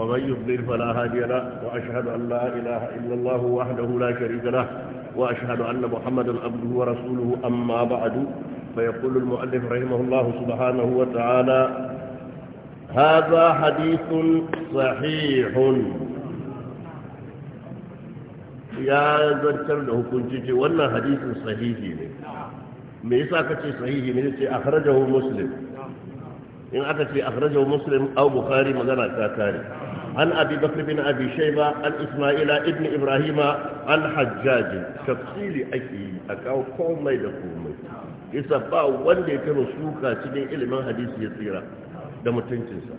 ومن يضلل فلا هادي له وأشهد أن لا إله إلا الله وحده لا شريك له وأشهد أن محمدا عبده ورسوله أما بعد فيقول المؤلف رحمه الله سبحانه وتعالى هذا حديث صحيح ya zartar da hukunci ce wannan hadisin sahihi ne me yasa kace sahihi ne ce akhrajahu muslim in aka ce akhrajahu muslim aw bukhari magana ta kare an abi bakr bin abi shaiba an isma'ila ibn ibrahima an hajjaji tafsili ake yi a kawo komai da komai isa ba wanda ya kama suka cikin ilimin hadisi ya tsira da mutuncinsa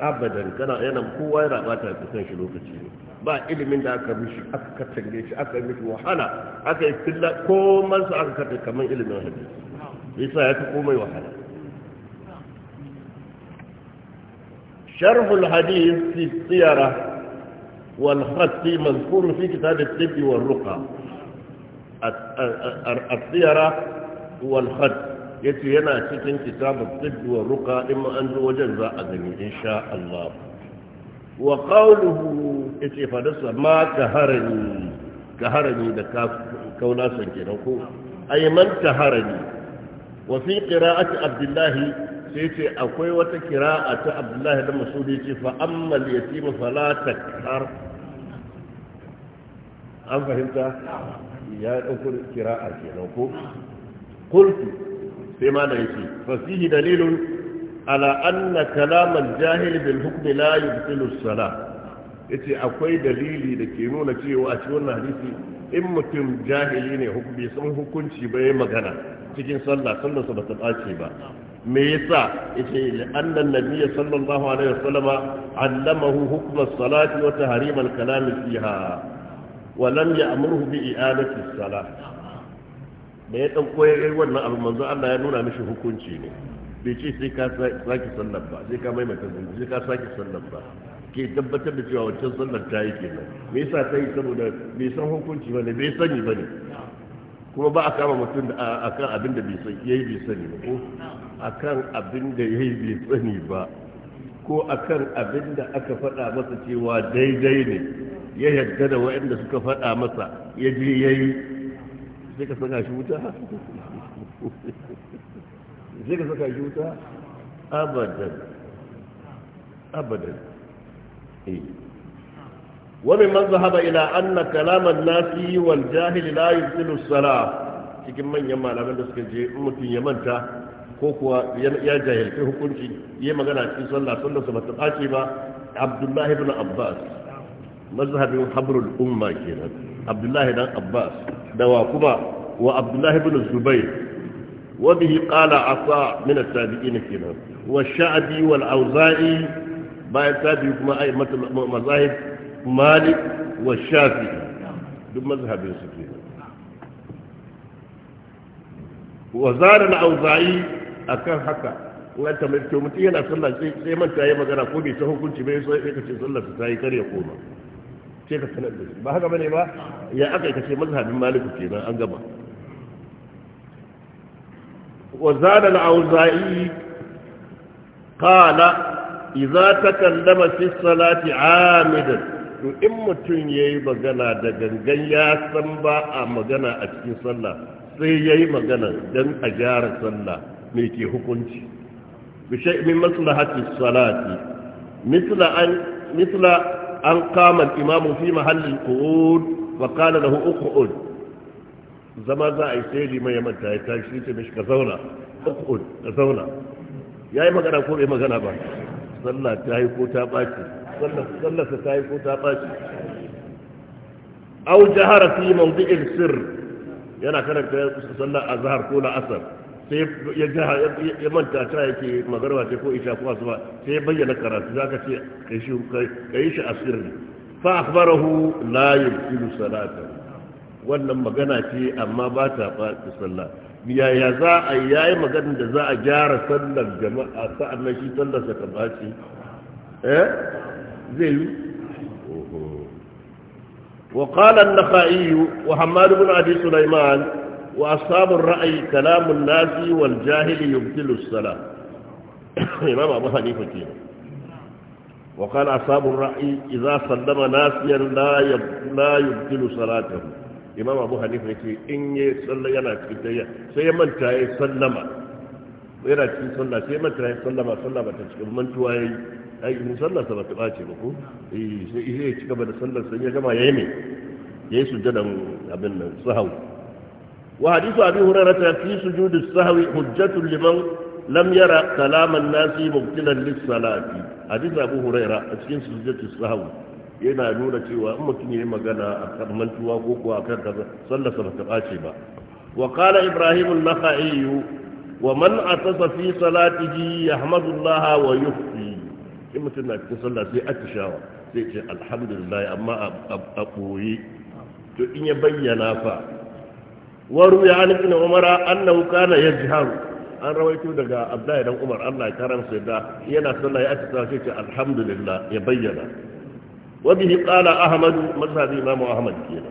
abadan kana yana kowa yana bata kusan shi lokaci ne ba ilimin da aka mishi aka katange shi aka mishi wahala aka yi filla komansa aka kata kamar ilimin hadisi isa ya fi komai wahala شرح الحديث في الطيرة والخط مذكور في كتاب الطب والرقى الطيرة والخط يتي هنا في كتاب الطب والرقى إما أن وجزاء أذني إن شاء الله وقوله يتي فدس ما كهرني كهرني دكا كونا سنجنكو أي من كهرني وفي قراءة عبد الله sai ce akwai wata kira a ta abdullahi da masudi ce ya ci yatima fala har an fahimta ya kira a kenan ko qultu sai ma da ya ce, fasihi dalilun ala anna kalaman al-jahil bil hukm la yubtilu sala salah yace akwai dalili da ke nuna cewa a cikin wannan hadisi in mutum jahili ne hukumi sun hukunci bai magana cikin sallah sallarsa ba ta ɓace ba me yasa yace annan nabiyyi sallallahu alaihi wasallam allamahu hukm as-salati wa tahrim al-kalam fiha wa lam ya'murhu bi i'adati as-salah me ya dan koyar wannan abu manzo Allah ya nuna mishi hukunci ne bai ce sai ka saki sallar ba sai ka maimaita zuwa sai ka saki sallar ba ke tabbatar da cewa wancan sallar ta yi kenan me yasa ta yi saboda bai san hukunci ba ne bai sani ba ne kuma ba a kama mutum akan abin da bai sani yayi bai sani ba ko akan abin da ya yi bai tsani ba ko akan abin da aka faɗa masa cewa daidai ne ya yarda da waɗanda suka faɗa masa ya je ya yi sai ka saka shi wuta sai ka saka shi wuta abadan abadan eh وممن ذهب إلى أن كلام الناس والجاهل لا يبطل الصلاة cikin manyan malamin da suka je mutum ya manta ko kuwa ya jahilci hukunci yi magana cikin sallah sallah su bata ɓaci ba abdullahi bin abbas mazhabin habrul umma kenan abdullahi dan abbas da wa kuma wa abdullahi bin zubair wa bihi qala asa min at-tabi'in kenan wa sha'bi wal auza'i bayan tabi kuma ay mazahib malik wa shafi'i duk mazhabin su kenan wa zara al-auza'i akan haka in an tambaye to mutum yana sallah sai sai manta yi magana ko bai ta hukunci bai sai sai kace sallar ta yi kare koma sai ka sanar da ba haka bane ba ya aka kace mazhabin maliku kenan an gama wa zada al-auza'i qala idza ta kallama fi salati amidan to in mutum yayi magana da gangan ya san ba a magana a cikin sallah sai yayi magana dan a gyara sallah mai ke hukunci bishai min maslahati salati mithla an mithla an qama al-imam fi mahall al qud wa qala lahu uq'ud zama za ai sai li mai mata ya tashi ce mishi ka zauna uq'ud ka zauna yayi magana ko bai magana ba sallah ta yi ko ta baci sallah sallah ta yi ko ta baci aw jahara fi mawdi'il sirr yana karanta sallah azhar ko la asar sai ya jaha ya manta ta yake magarba ce ko isha ko asuba sai ya bayyana karatu zaka ce kai shi kai shi asirri fa akhbarahu la yubtilu salata wannan magana ce amma ba ta faɗi sallah yaya za a yayi maganin da za a gyara sallar jama'a sa'annan shi sallar sa baci eh zai yi وقال النخائي وحماد بن عدي سليمان واصحاب الراي كلام الناس والجاهل يبطل الصلاه امام ابو حنيفه كي. وقال اصحاب الراي اذا صدم ناس لا لا يبطل صلاته امام ابو حنيفه كي ان يصلى ينا كتيا سيمن تاي سلم ويرا كي صلى سيمن تاي سلم سلم تشكب من تواي اي من صلى سبا تباتي بكو اي إيه إيه تشكب سلم سيجمع يمين يسجد ابن صهو وحديث أبي هريرة في سجود السهو حجة لمن لم يرى كلام الناس مبتلا للصلاة حديث أبو هريرة أسكن سجود السهو yana nuna cewa in mutum yayi magana a kan mantuwa ko kuwa a kan kaza sallarsa ba ta ɓace ba wa qala ibrahim an-nakhai wa man atasa fi salatihi yahmadullah wa yuhsi in mutum na sai sai amma a to in ya bayyana fa وروي عن ابن عمر أنه كان يجهر an rawaito daga abdullahi dan umar allah ya karamsa da yana sallah ya aka sai ce alhamdulillah ya bayyana wa bihi qala ahmad mazhabi imam ahmad kenan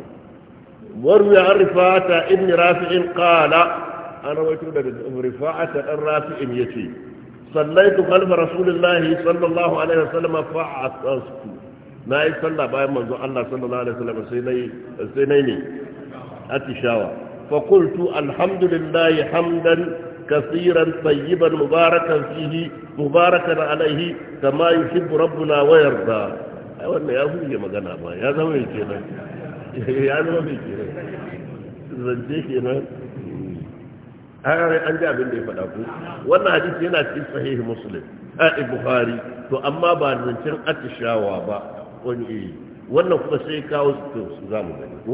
wa an rifata ibn rafi'in qala an rawaito daga rifata dan rafi'in yace sallaitu khalfa rasulillahi sallallahu alaihi wasallam fa asastu nayi sallah bayan manzo allah sallallahu alaihi wasallam sai nayi sai nayi ne atishawa فقلت الحمد لله حمدا كثيرا طيبا مباركا فيه مباركا عليه كما يحب ربنا ويرضى wannan ya fuge magana ba ya zama mai kenan ya zama mai kenan zance kenan an ji abin da ya faɗa ku wannan hadisi yana cikin sahihi muslim ai bukhari to amma ba zancen atishawa ba wani wannan kuma sai kawo su ko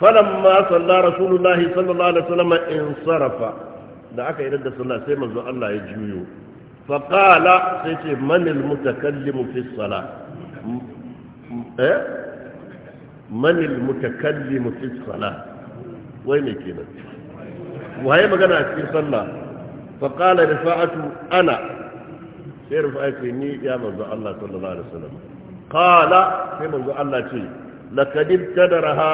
falamma salla rasulullahi sallallahu alaihi wasallam in sarafa da aka yi da sallah sai manzo Allah ya juyo fa qala sai ce manil mutakallimu fi salah eh manil mutakallimu fi salah wai me kenan waye magana a cikin sallah fa qala rifa'atu ana sai rifa'atu ni ya manzo Allah sallallahu alaihi wasallam qala sai manzo Allah ce لقد ابتدرها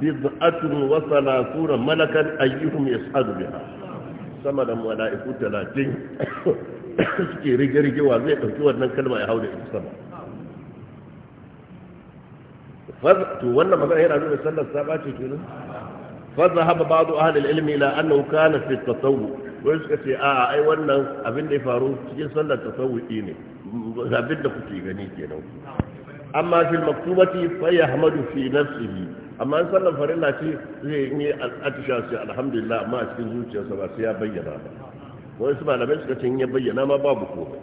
bid'atun wa salasuna malakan ayyuhum yas'adu biha sama da mala'iku 30 suke rige-rige wa zai dauki wannan kalma ya hauda ita sama to wannan magana yana nuna sallar saba ce kenan فذهب بعض أهل العلم إلى أنه كان في التطوع ويسكى في آه أي وانا أبن لي فاروق تجي ne. التطوع da أبن لك kenan كينا أما في المكتوبة فيحمد في نفسه amma an sallan farilla ce zai yi atisha sai alhamdulillah amma a cikin zuciyarsa ba sai ya bayyana ba wani su malamai suka ce ya bayyana ma babu komai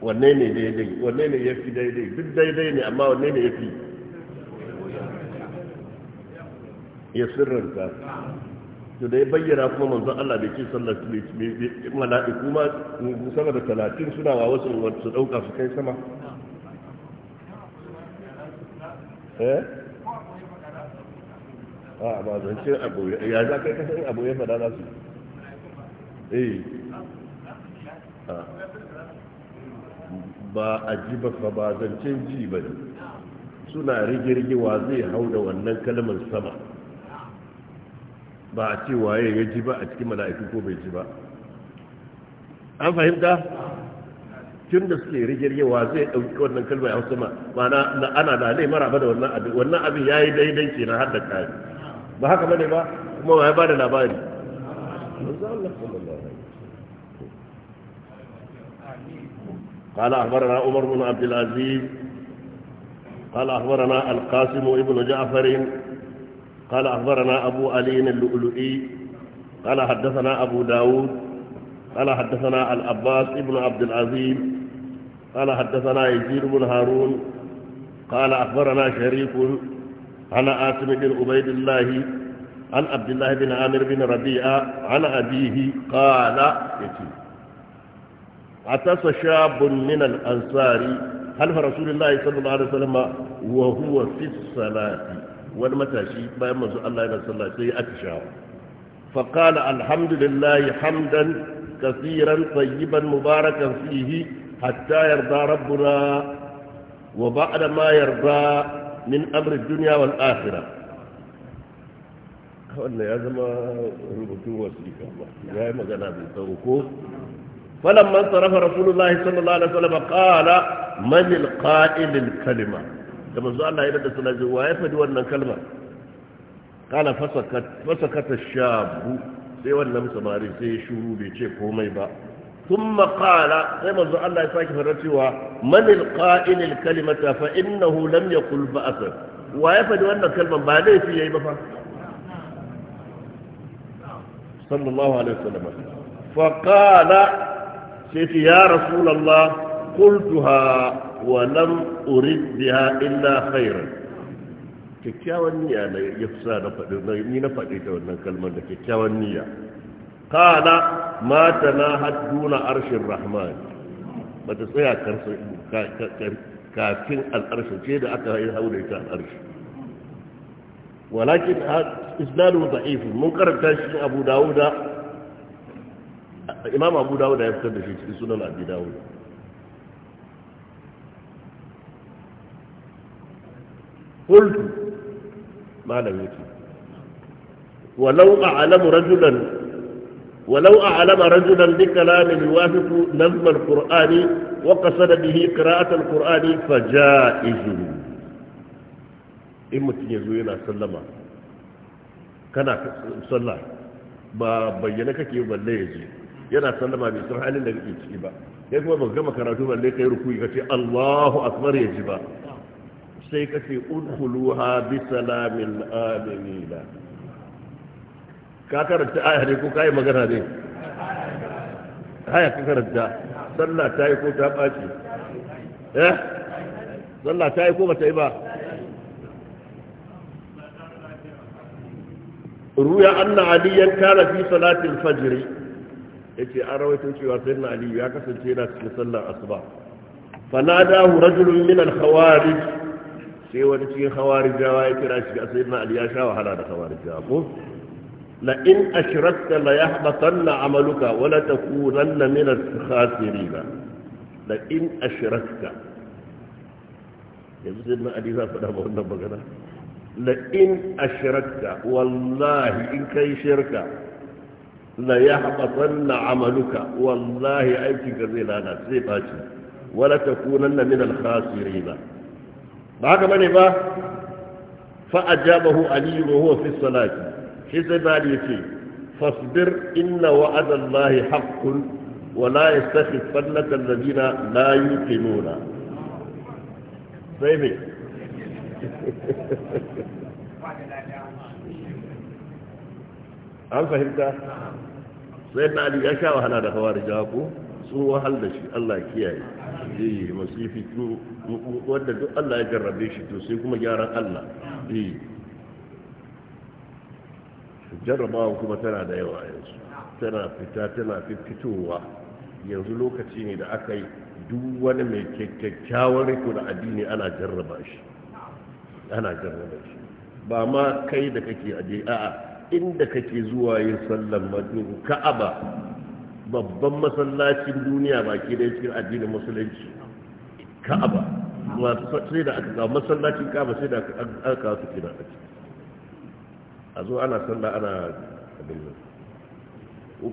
wanne ne daidai wanne ne ya fi daidai duk daidai ne amma wanne ne ya fi ya sirrinta to da ya bayyana kuma manzon Allah da ce sallar mala'iku ma sama da talatin suna wa wasu su ɗauka su kai sama eh a ba zance a boye ya za kai kasar a boye fada za su eh ba a ji ba fa ba zancen ji ba ne suna rigirgiwa zai hau da wannan kalmar sama ba a ce waye ya ji ba a cikin mala'iku ko bai ji ba an fahimta tun da suke wa zai ɗauki wannan kalmar ya sama ma'ana ana da ne ba da wannan abin wannan abin ya yi daidai kenan har da kari ba haka bane ba kuma wa ya bada labari قال أخبرنا عمر بن عبد العزيز قال أخبرنا القاسم ابن جعفر قال أخبرنا أبو علي اللؤلؤي قال حدثنا أبو داود قال حدثنا العباس ابن عبد العزيز قال حدثنا يزيد بن هارون قال أخبرنا شريف عن عاصم بن عبيد الله عن عبد الله بن عامر بن ربيعة عن أبيه قال عطس شاب من الأنصار هل رسول الله صلى الله عليه وسلم وهو في الصلاة والمتاشي ما منذ الله صلى الله عليه وسلم أتشاو فقال الحمد لله حمدا كثيرا طيبا مباركا فيه حتى يرضى ربنا وبعد ما يرضى min amri duniya wal akhira wannan ya zama rubutun wasiƙa ga ba ya yi magana bai tsawo ko falan man tsarafa rasulullahi sallallahu alaihi wasallam qala man al qa'il kalima da manzo Allah ya da sallallahu wa ya fadi wannan kalma qala fasakat fasakat ash-shabu sai wannan samari sai shuru bai ce komai ba ثم قال كما زو الله يساكي فرتوا من القائل الكلمة فإنه لم يقل بأسا ويفد أن الكلمة بعدين في أي بفا صلى الله عليه وسلم فقال سيتي يا رسول الله قلتها ولم أرد بها إلا خيرا kyakkyawan niyya na ya fi sa na faɗi ni na faɗi ta wannan kalmar da kyakkyawan niyya kala mata na hadduna arshin rahman bata tsaya kafin al'arshin ce da aka yi haure ta al'arshi walakin isnadu da ifin mun karanta shi abu dawuda imam abu dawuda ya fitar da shi cikin sunan abu dawuda قلت ما لم يكن ولو أعلم رجلا ولو أعلم رجلا بكلام يوافق نظم القرآن وقصد به قراءة القرآن فجائز in mutum ya zo yana sallama kana sallah ba bayyana kake balle ya je yana sallama bai san halin da kake ciki ba kai kuma ba gama karatu balle kai Allahu akbar ya ji ba sai kace udkhuluha bi salamin amina ka karanta aya ne ko ka yi magana ne aya ka karanta sallah ta yi ko ta ɓaci eh sallah ta yi ko ba ta yi ba ruya anna yan kana fi salatin fajiri yace an rawaito cewa sayyidina ali ya kasance yana cikin sallar asuba fanadahu rajulun min al-khawarij sai wani cikin khawarijawa ya kira shi a sayyidina ali ya sha wahala da khawarijawa ko la in ashrakta la yahbatanna amaluka ta la takunanna min al-khasirin la in ashrakta yanzu sai na ali za faɗa ba wannan magana la a ashrakta wallahi in kai shirka la yahbatanna amaluka wallahi aikinka zai lana zai baci ta takunanna min al-khasirin ba haka bane ba fa ajabahu ali wa huwa fi salati shi sai bari ya ce fasbir inna wa'adallahi haqqun wa la yastakhifannaka alladhina la yuqinuna sai me an fahimta sai na ali ya sha wahala da hawari jaku sun wahal da shi Allah kiyaye eh masifi wanda duk Allah ya jarrabe shi to sai kuma gyaran Allah eh jarrabawa kuma tana da yawa yanzu tana fita tana fitowa yanzu lokaci ne da aka yi duk wani mai kyakkyawar riko da addini ana jarraba shi ana jarraba shi ba ma kai da kake aje a'a inda kake zuwa yin sallan majin ka'aba babban masallacin duniya baki da cikin addinin musulunci ka'aba masu sai da aka masallacin ka'aba sai da aka kawo su kina a ciki a zo ana sallah ana abin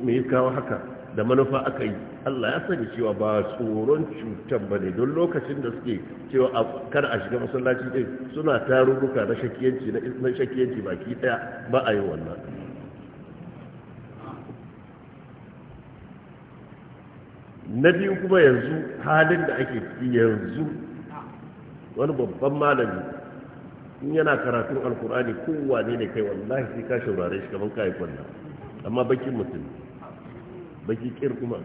me kawo haka da manufa aka yi Allah ya sani cewa ba tsoron cutar ba ne don lokacin da suke cewa a kar a shiga masallaci ɗin suna tarurruka na shakiyanci na shakiyanci baki ɗaya ba a yi wannan na biyu kuma yanzu halin da ake yanzu wani babban malami in yana karatun alkur'ani kowa ne kai wallahi sai ka shaurare shi kamar kayi kwallon amma bakin mutum baki kir kuma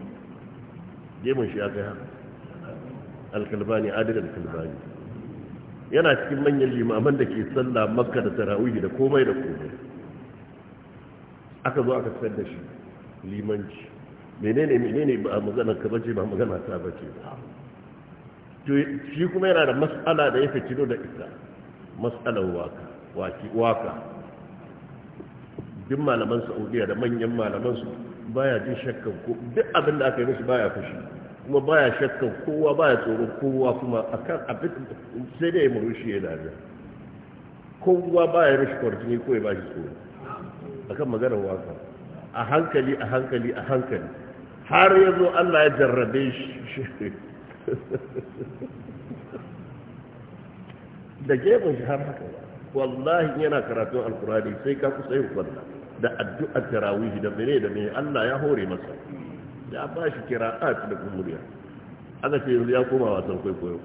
gemun shi ya kai haka alkalbani adil alkalbani yana cikin manyan limaman da ke sallah makka da tarawihi da komai da komai aka zo aka sayar da shi limanci menene menene ba magana ka bace ba magana ta bace to shi kuma yana da mas'ala da ya fitino da isa. matsalar waka duk malaman saudiya da manyan malamansu baya jin shakkan ko duk abin da aka yi musu baya fushi kuma baya shakkan kowa baya tsoron kowa kuma akan abin sai dai murushi ya dariya kowa baya mishi kwarjini ko ya bashi tsoro akan maganar waka a hankali a hankali a hankali har ya zo Allah ya jarrabe shi da gefen shi har haka wallahi yana karatun alkurani sai ka kusa yin kwalla da addu'ar tarawihi da mene da mene Allah ya hore masa ya ba shi kira'at da kumuriya aka ce yanzu ya koma wasan kwaikwayo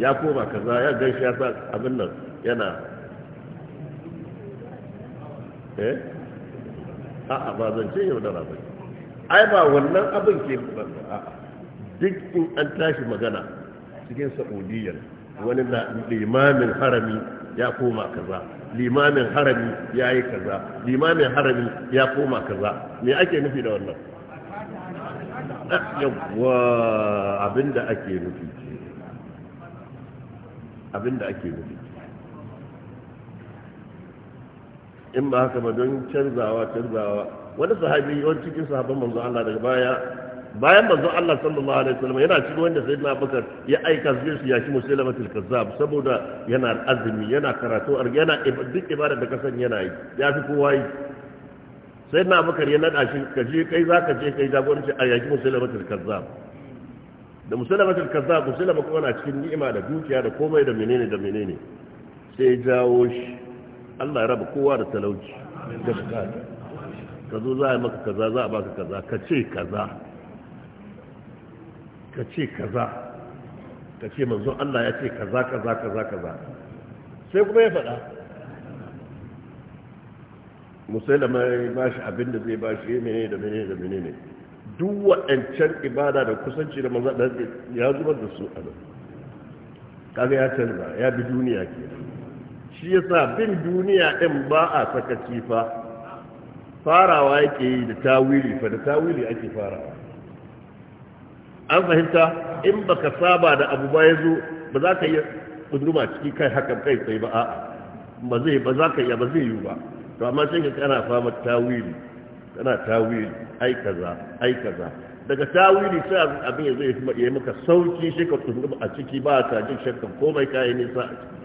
ya koma kaza ya gaishe ya sa abin nan yana eh a'a ba zan ce yau da rabai ai ba wannan abin ke duk in an tashi magana cikin sa'udiyyar wani na limamin harami ya koma kaza limamin harami ya yi kaza limamin harami ya koma kaza me ake nufi da wannan ah, abinda ake nufi abinda ake nufi in ba haka ba don canzawa canzawa wani sahabi wani cikin sahabban manzo Allah daga baya bayan manzo Allah sallallahu alaihi wasallam yana cikin wanda sayyidina Abubakar ya aika su su yaki til kazzab saboda yana azumi yana karatu yana duk ibada da kasan yana yi ya fi kowa yi sayyidina Abubakar ya nada shi kaje kai zaka je kai jagoranci a yaki til kazzab da til kazzab musulma kuma na cikin ni'ima da dukiya da komai da menene da menene sai jawo shi Allah ya raba kowa da talauci da bukata ka zo za a maka kaza za a baka kaza ka ce kaza ka ce kaza ka ce manzo Allah ya ce kaza kaza kaza kaza sai kuma ya faɗa musulama ya ba shi abin da zai ba shi eh, mene da mene da mene ne duk waɗancan ibada da kusanci da maza da ya zubar da su a nan kaga ya canza ya bi duniya ke shi yasa bin duniya ɗin ba a sakaci fa farawa yake yi da tawili fa da tawili ake farawa an fahimta in baka saba da abu ba zo ba za ka iya kudurma ciki kai haka kai sai ba a'a ba zai ba za ka iya ba zai yi ba to amma sai ka kana fama tawili kana tawili ai kaza ai kaza daga tawili sai abin ya zai yi maka sauki shi ka kudurma a ciki ba ta jin shakka komai kai nisa a ciki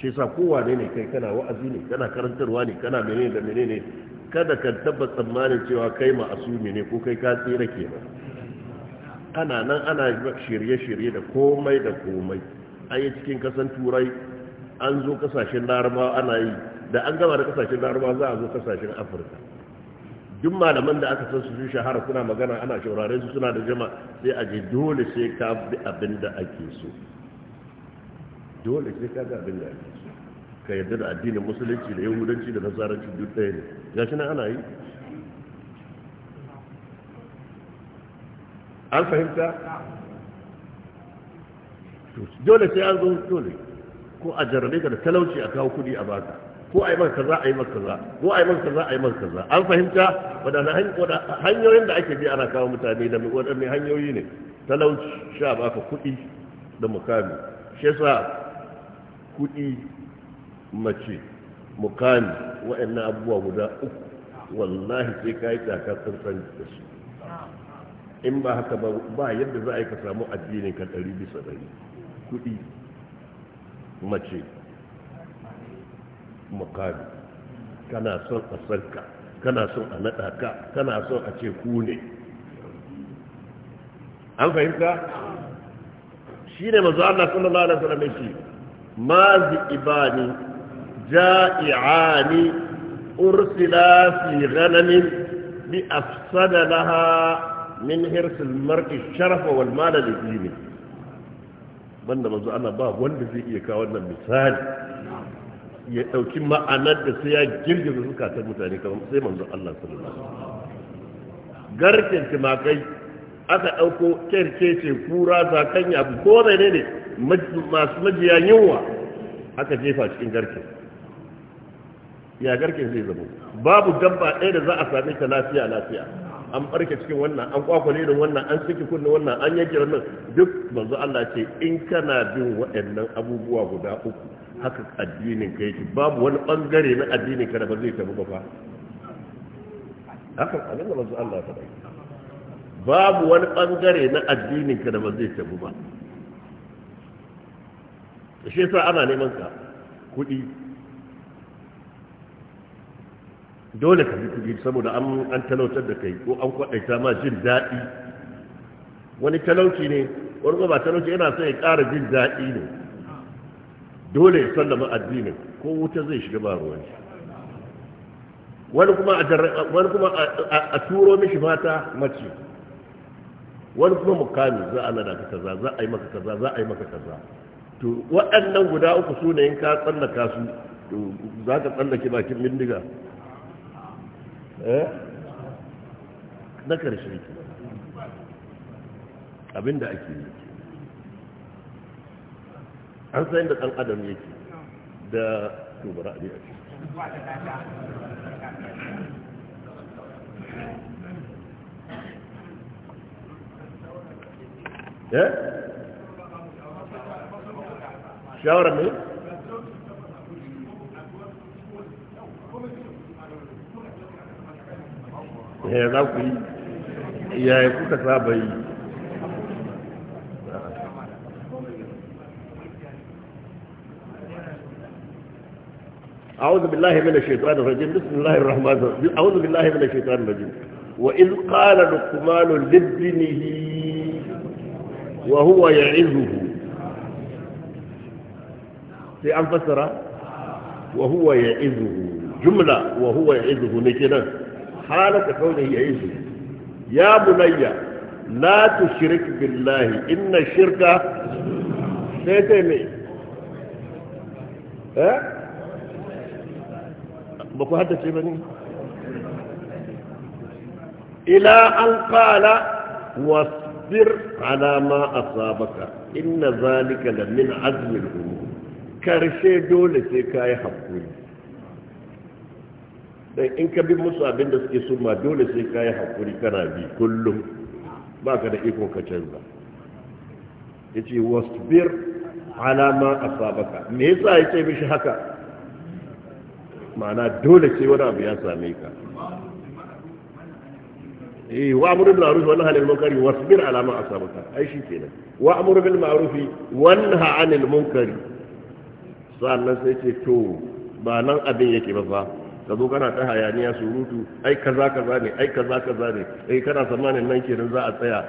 shi sa kowa ne kai kana wa'azi ne kana karantarwa ne kana mene da ne kada ka taba tsammanin cewa kai ma'asu ne ko kai ka tsira ba ana nan ana shirye-shirye da komai da komai an yi cikin kasan turai an zo kasashen larabawa ana yi da an gama da kasashen larabawa za a zo kasashen afirka duk malaman da aka san su su shahara kuna magana ana shaurare su suna da jama sai a je dole sai ka bi abin da ake so dole sai ka ga abin da ake ka yarda da addinin musulunci da yahudanci da nasaranci duk ɗaya ne shi nan ana yi an fahimta dole sai an zo dole ko a jarrabe ka da talauci a kawo kudi a baka ko a yi maka kaza a yi maka kaza ko a yi maka kaza a yi maka kaza an fahimta wadanda hanyoyin da ake bi ana kawo mutane da wadanne hanyoyi ne talauci sha baka kudi da mukami shi yasa kuɗi mace mukami waɗannan abubuwa guda uku wallahi sai ka yi takasar san da su in ba haka ba yadda za a yi ka samu addinin ka ɗari bisa ɗari kuɗi mace mukami kana son a sarka kana son a naɗa ka kana son a ce ku ne an fahimta shi ne mazu Allah sallallahu alaihi wasallam shi mazi'ibani ja'i'ani ursila fi ghanamin bi afsada laha min hirsil marki sharafa wal mala da dini banda manzo Allah ba wanda zai iya kawo wannan misali ya dauki ma'anar da sai ya girgiza zukatan mutane kamar sai manzo Allah sallallahu alaihi garkin timakai aka dauko kerkece kura sakan ya ko ne ne masu majiya yunwa aka jefa cikin garke ya garke zai zama babu dabba ɗaya da za a same ta lafiya lafiya an barke cikin wannan an kwakwale da wannan an saki kunna wannan an yanke wannan duk manzo Allah ce in kana bin waɗannan abubuwa guda uku haka addinin ka yake babu wani bangare na addinin ka da ba zai tabu ba fa haka abin da manzo Allah ya faɗa babu wani bangare na addinin ka da ba zai tabu ba shi yasa ana neman ka kuɗi dole ka bi kudi saboda an talautar da kai ko an kwadaita ma jin daɗi wani talauci ne wani ba talauci yana son ya ƙara jin daɗi ne dole ya sallama addinin ko wuta zai shiga ba ruwan shi wani kuma a turo mishi mata mace wani kuma mukami za a nada kaza za a yi maka kaza za a yi maka kaza to waɗannan guda uku su ne in ka tsallaka su to za ka tsallake bakin bindiga eh? na ƙarshe abinda ake yi an sayin da ɗan adam yake da tubara a ciki Eh. shawara ne ya za ku yi yaya kuka saba yi أعوذ بالله من الشيطان الرجيم بسم الله الرحمن الرحيم أعوذ بالله من الشيطان الرجيم وإذ قال لقمان لابنه وهو يعظه sai an fassara wa huwa ya'izuhu jumla wa huwa ya'izuhu ne kenan halaka kaunihi ya'izuhu ya bunayya la tushrik billahi inna shirka sai kai ne eh ba ku haddace ba ne ila an qala wasbir ala ma asabaka inna zalika la min azmi al karshe dole sai ka yi haƙuri don in ka bi musu abin da suke suma dole sai ka yi haƙuri kana bi kullum ba ka da iko ka canza ya ce wasbir alama a sabaka me yasa ya ce mishi haka ma'ana dole sai wani abu ya same ka eh wa amru bil ma'ruf wa nahy anil munkar wasbir ala ma asabaka ai shi kenan wa amru bil ma'ruf wa nahy anil munkar sa'annan sai ce to ba nan abin yake ba fa ka zo kana ta hayaniya surutu ai kaza kaza ne ai kaza kaza ne ai eh, kana tsammanin nan kenan za a tsaya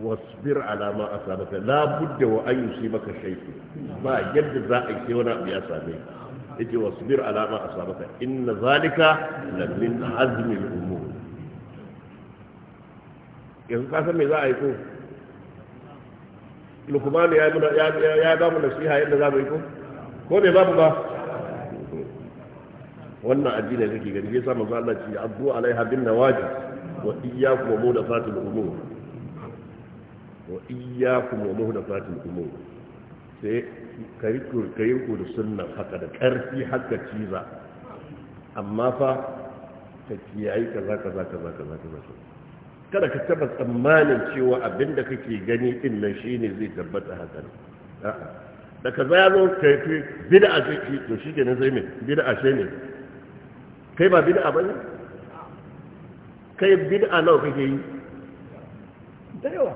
wasbir alama a asabaka la budda wa an yusibaka shay'un ba yadda za a yi wani abu ya same yake wasbir alama a asabaka inna zalika la min azmi al-umur yanzu ka san me za a yi ko lukmanu ya ba mu nasiha yadda za mu yi ko ko bai ba mu ba wannan addini da kake gani yasa manzo Allah ce abdu alaiha bin nawaji wa iyyakum wa muhdathatil umur wa iyyakum wa muhdathatil umur sai karikur kariku da sunna haka da karfi haka ciza amma fa ka kiyaye kaza kaza kaza kaza kaza kada ka taba tsammanin cewa abin da kake gani din nan shine zai tabbata hakan a'a da kaza ya zo kai fi bid'a ce ki to shi kenan zai mai bid'a ce ne kai ba bid'a ne kai bid'a nawa kake yi da yawa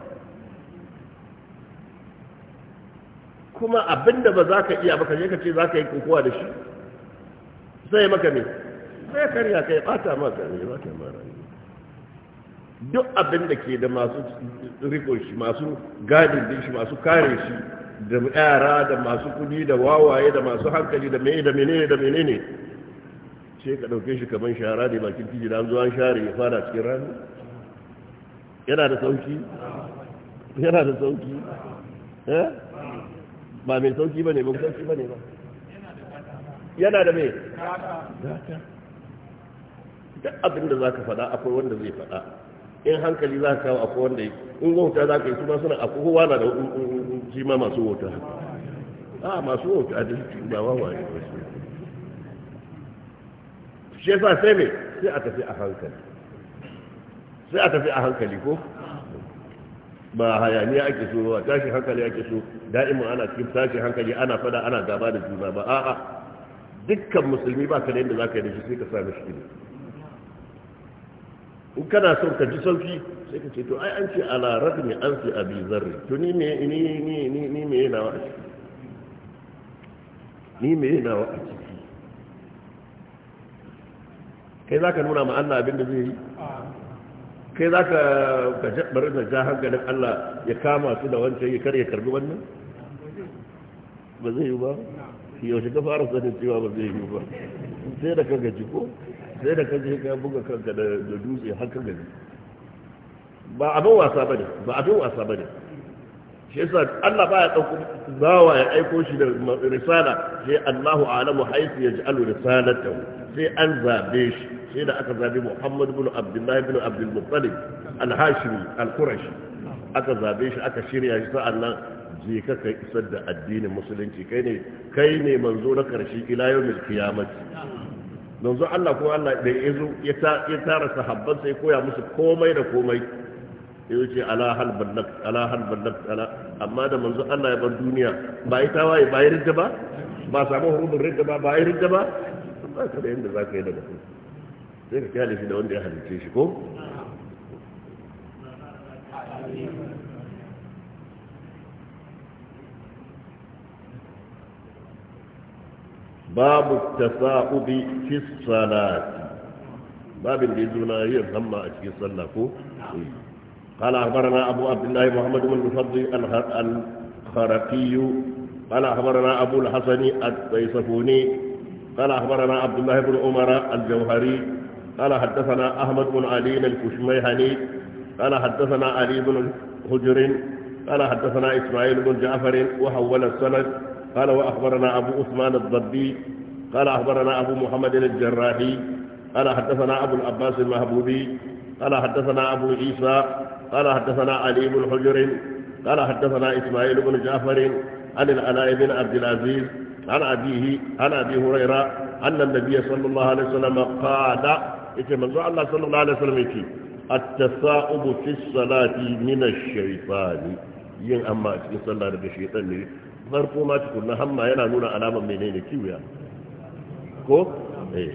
kuma abinda ba za ka iya ba kaje ka ce za ka yi kokowa da shi sai maka ne sai karya kai bata maka ne ba ta mara ne duk abin da ke da masu riko shi masu gadin din shi masu kare shi da yara da masu kudi da wawaye da masu hankali da mai da menene da menene ce ka dauke shi kaman shara da bakin tiji da an zo an share ya fara cikin rani yana da sauki yana da sauki eh ba mai sauki bane ba sauki bane ba yana da mai duk abin da zaka faɗa akwai wanda zai faɗa in hankali za ka kawo akwai wanda yi in wauta za ka yi kuma suna akwai kowa na da shi ma masu wauta a masu wauta da ba wawa ne shi yasa sai ne sai a tafi a hankali sai a tafi a hankali ko ba hayaniya ake so ba tashi hankali ake so da'imin ana cikin tashi hankali ana fada ana gaba da juna ba a'a dukkan musulmi ba ka da yadda za ka yi da shi sai ka sa shi ne in kana son ka ji sauki sai ka ce to ai an ce ala ne an fi abi zarri to ni me ni ni ni ni me yana wa a ciki ni me yana wa a ciki kai zaka nuna ma Allah abin da zai yi kai zaka ka jabbar da ja hankalin Allah ya kama su da wancan ya kare karbi wannan ba zai yi ba yaushe ka fara sanin cewa ba zai yi ba sai da ka gaji ko sai da kaje ka buga kanka da dutse haka gani ba abin wasa bane ba abin wasa bane shi yasa Allah baya dauko bawa ya aiko shi da risala sai Allahu a'lamu haythu yaj'alu risalatahu sai an zabe shi sai da aka zabe Muhammad ibn Abdullah ibn Abdul Muttalib al-Hashimi al-Qurashi aka zabe shi aka shirya shi sa'an nan je ka kai isar da addinin musulunci kai ne kai ne manzo na karshe ila yawmil qiyamah yanzu Allah ko Allah da ya zo ya tara sahabban sai koya musu komai da komai ya wuce ala hal ballak ala hal ballak ala amma da manzo Allah ya bar duniya ba ita waye ba ridda ba ba samu hurubin ridda ba ba ridda ba ba ka da yanda zaka yi da mutum sai ka kyale shi da wanda ya halice shi ko باب التفاؤل في الصلاة باب الجزونة يفهم أشكي صلى قال أخبرنا أبو عبد الله محمد بن فضي الخرقي قال أخبرنا أبو الحسن الطيسفوني قال أخبرنا عبد الله بن عمر الجوهري قال حدثنا أحمد بن علي الكشميهني قال حدثنا علي بن حجر قال حدثنا إسماعيل بن جعفر وحول السند قال وأخبرنا أبو أثمان الضبي قال أخبرنا أبو محمد الجراحي قال حدثنا أبو العباس المهبودي قال حدثنا أبو عيسى قال حدثنا علي بن حجر قال حدثنا إسماعيل بن جعفر عن العلاء بن عبد العزيز عن أبيه عن أبي هريرة أن النبي صلى الله عليه وسلم قال يتي منذ الله صلى الله عليه وسلم يتي التثاؤب في الصلاة من الشيطان ين أما أسئل صلى الله عليه وسلم farko ma tukunna hamma yana nuna alamar menene kiwiya ko eh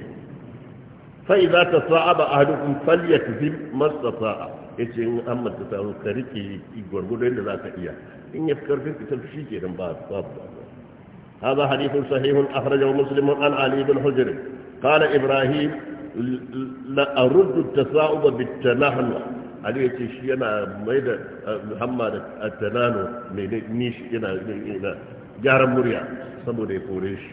fa idza tasaba ahadukum falyatzim masata'a yace in amma ta samu ka rike gurgudu inda za ka iya in ya karfin ka tafi ke dan ba babu هذا حديث صحيح أخرجه مسلم عن علي بن حجر قال إبراهيم لأرد التثاؤب بالتنهل ali ya ce shi yana mai da hamma da tanano mai nishi yana gyaran murya saboda ya kore shi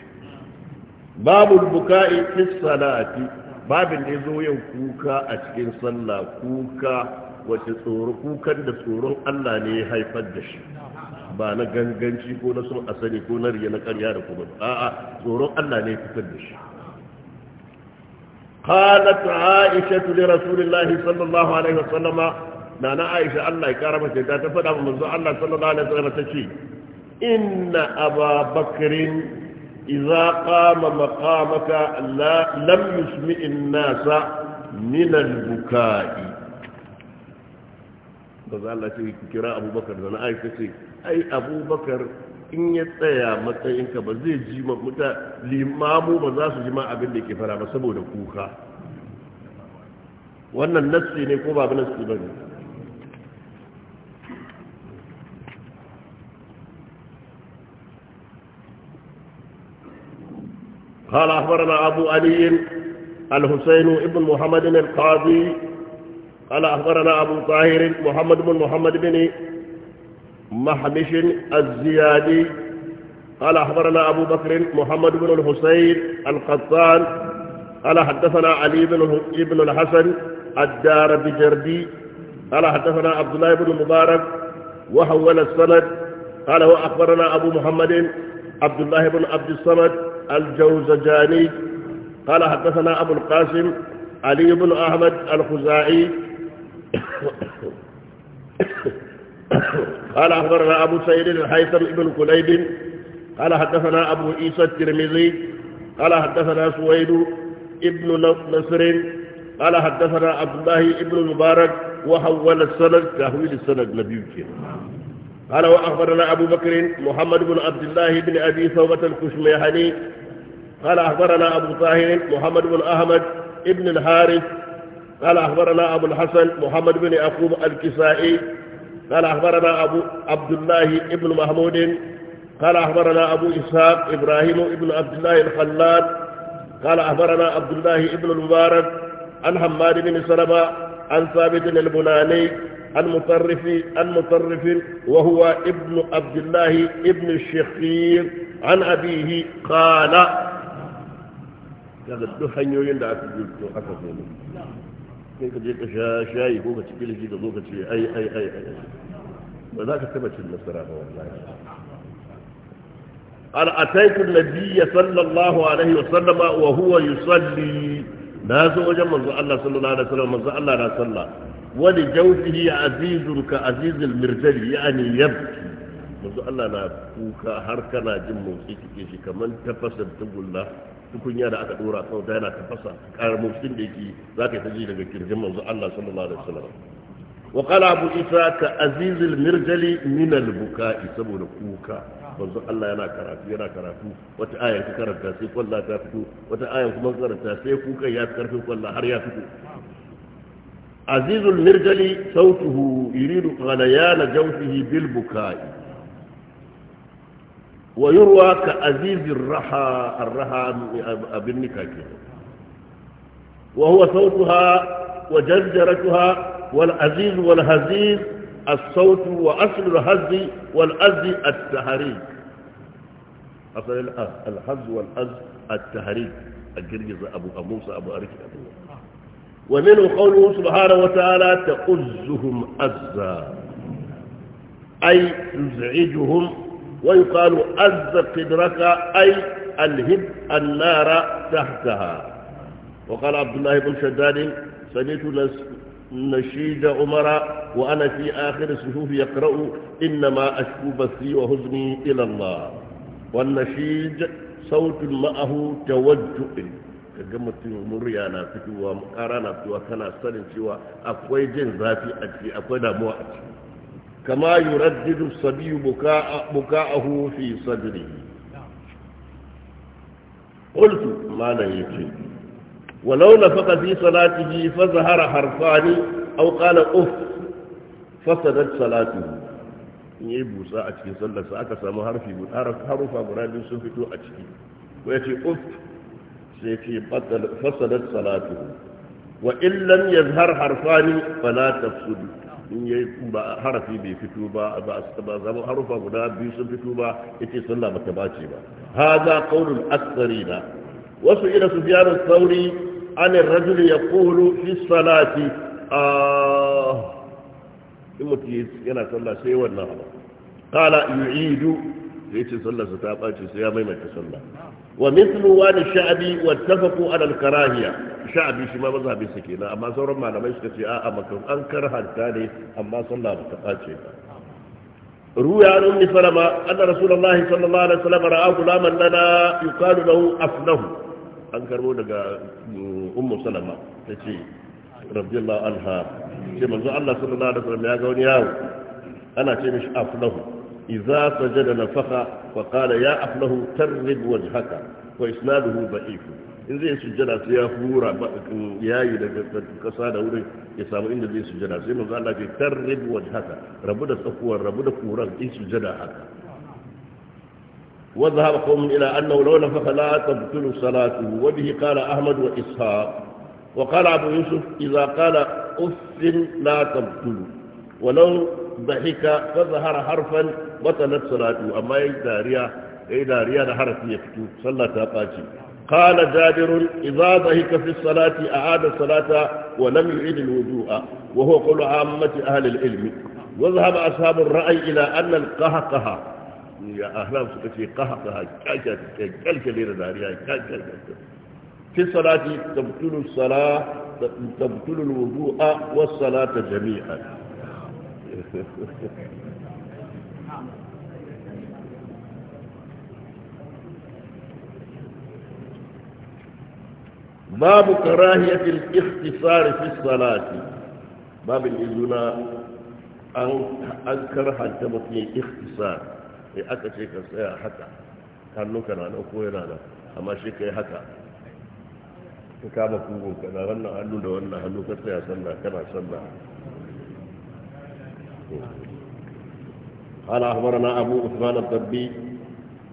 babu buka'i fi salati babin da zo yin kuka a cikin sallah kuka wace tsoro kukan da tsoron Allah ne ya haifar da shi ba na ganganci ko na sun sani, ko na riya na karya da kuma a'a tsoron Allah ne ya fitar da shi قالت عائشة لرسول الله صلى الله عليه وسلم نانا عائشة الله كرمة إذا تفدى منذ الله صلى الله عليه وسلم تشي إن أبا بكر إذا قام مقامك لا لم يسمع الناس من البكاء da za Allah ce kira abubakar da na aisha ce ai abubakar in ya tsaya matsayinka ba zai ji muta limamu ba za su ji ma abin da ke fara ba saboda kuka wannan nassi ne ko ba nassi ba ne قال أخبرنا أبو علي الحسين ابن محمد القاضي قال أخبرنا أبو طاهر محمد بن محمد بن محبش الزيادي قال أخبرنا أبو بكر محمد بن الحسين القطان قال حدثنا علي بن ابن الحسن الدار بجردي قال حدثنا عبد الله بن المبارك وحول السند قال وأخبرنا أبو محمد عبد الله بن عبد الصمد الجوزجاني قال حدثنا أبو القاسم علي بن أحمد الخزاعي قال أخبرنا أبو سيد الحيثم بن كليب قال حدثنا أبو عيسى الترمذي قال حدثنا سويد ابن نصر قال حدثنا عبد الله ابن المبارك وحول السند تحويل السند نبي قال وأخبرنا أبو بكر محمد بن عبد الله بن أبي ثوبة الكشميحني قال أخبرنا أبو طاهر محمد بن أحمد ابن الحارث قال أخبرنا أبو الحسن محمد بن يعقوب الكسائي قال أخبرنا أبو عبد الله ابن محمود قال أخبرنا أبو إسحاق إبراهيم ابن عبد الله الخلاد قال أخبرنا عبد الله ابن المبارك عن حماد بن سلمة عن ثابت البناني عن مطرف عن مطرف وهو ابن عبد الله ابن الشخير عن أبيه قال هذا الجلد sai ka je ka sha shayi ko ka ci kilishi ka zo ka ce ai ai ai ai ba za ka taba cin nasara ba wallahi al ataitu nabiyya sallallahu alaihi wa wa huwa yusalli na zo wajen manzo Allah sallallahu alaihi wa sallam manzo Allah na sallah wa li jawfihi azizun ka azizil mirjali yani yabki manzo Allah na kuka har kana jin motsi kike shi kamar tafasar tugulla tukunya da aka dora sau da yana tafasa karar mufsin da yake za ka yi daga kirjin manzo Allah sallallahu alaihi wasallam wa qala abu isa ka azizul mirjali min al buka'i saboda kuka manzo Allah yana karatu yana karatu wata aya ka karanta sai kwalla ta fito wata aya kuma karanta sai kuka ya karfin kwalla har ya fito azizul mirjali sautuhu yuridu ghalayana jawfihi bil buka'i ويروى كأزيز الرحى الرحى ابن وهو صوتها وجرجرتها والأزيز والهزيز الصوت وأصل الهز والأز التهريج أصل الهز والأز التهريج الجرجز أبو موسى أبو أريك أبو ومنه قوله سبحانه وتعالى تؤزهم أزا أي يزعجهم ويقال أز قدرك أي الهب النار تحتها وقال عبد الله بن شداد سمعت نشيد عمر وأنا في آخر صفوف يقرأ إنما أشكو بثي وهزني إلى الله والنشيد صوت معه توجه kaga mutum murya na fitowa kara na fitowa kana sanin cewa akwai jin zafi a ciki akwai damuwa a ciki كما يردد الصبي بكاء بكاءه في صدره قلت ما نهيتي ولو نفق في صلاته فظهر حرفان أو قال أف فسدت صلاته in yi busa a cikin sallarsa aka samu harfi harufa guda biyu sun fito a ciki ko ya ce uf sai ce fasadat salatu wa illam yazhar harfani fala tafsudu in yayi ba harafi bai fito ba ba ba zama harufa guda biyu sun fito ba yace sallah bata bace ba hadha qawlul aktharina wasu ila sufyan al-thawri an ar-rajul yaqulu fi salati ah in mutum yana sallah sai wannan abu qala yu'idu yace sallah ta bace sai ya maimaita sallah ومثل وان الشعبي واتفقوا على الكراهية شعبي شما مذهبي سكينة أما سورا ما لما يشتفي آآ مكروه أنكرها الثاني أما صلى متقاتشي روي عن أم سلمة أن رسول الله صلى الله عليه وسلم رأى غلاما لنا يقال له أفنه أنكروا لك أم سلمة تشي رضي الله عنها شما الله صلى الله عليه وسلم يا قوني أنا شي مش أفنه إذا سجد نفخ فقال يا أفله ترب وجهك وإسناده ضعيف in zai sujjada sai ya hura yayi daga kasa da wurin ya samu inda zai sujjada sai manzo Allah ke tarrib wajhaka rabu da tsakuwar rabu da kuran in sujjada haka wa dhahaba qawmun ila annahu law nafaqa la tabtulu salatuhu wa bihi qala wa ishaq wa wa ضحك فظهر حرفا بطلت صلاته أما يداريا يداريا نحرف يفتو صلاة تاقاتي قال جابر إذا ضحك في الصلاة أعاد الصلاة ولم يعيد الوضوء وهو قول عامة أهل العلم وذهب أصحاب الرأي إلى أن القهقه يا أهل سكتي قهقه كالكا كالكا لداريا كالكا في الصلاة تبطل الصلاة تبطل الوضوء والصلاة جميعا babu karahiyatul ikhtisari fi salati babu izuna an an karhanta mutum ya sai aka ce ka tsaya haka hannunka na nan ko yana nan amma shi kai haka ka kama kugun ka na wannan da wannan hannu ka tsaya sallah kana sallah قال أخبرنا أبو عثمان الضبي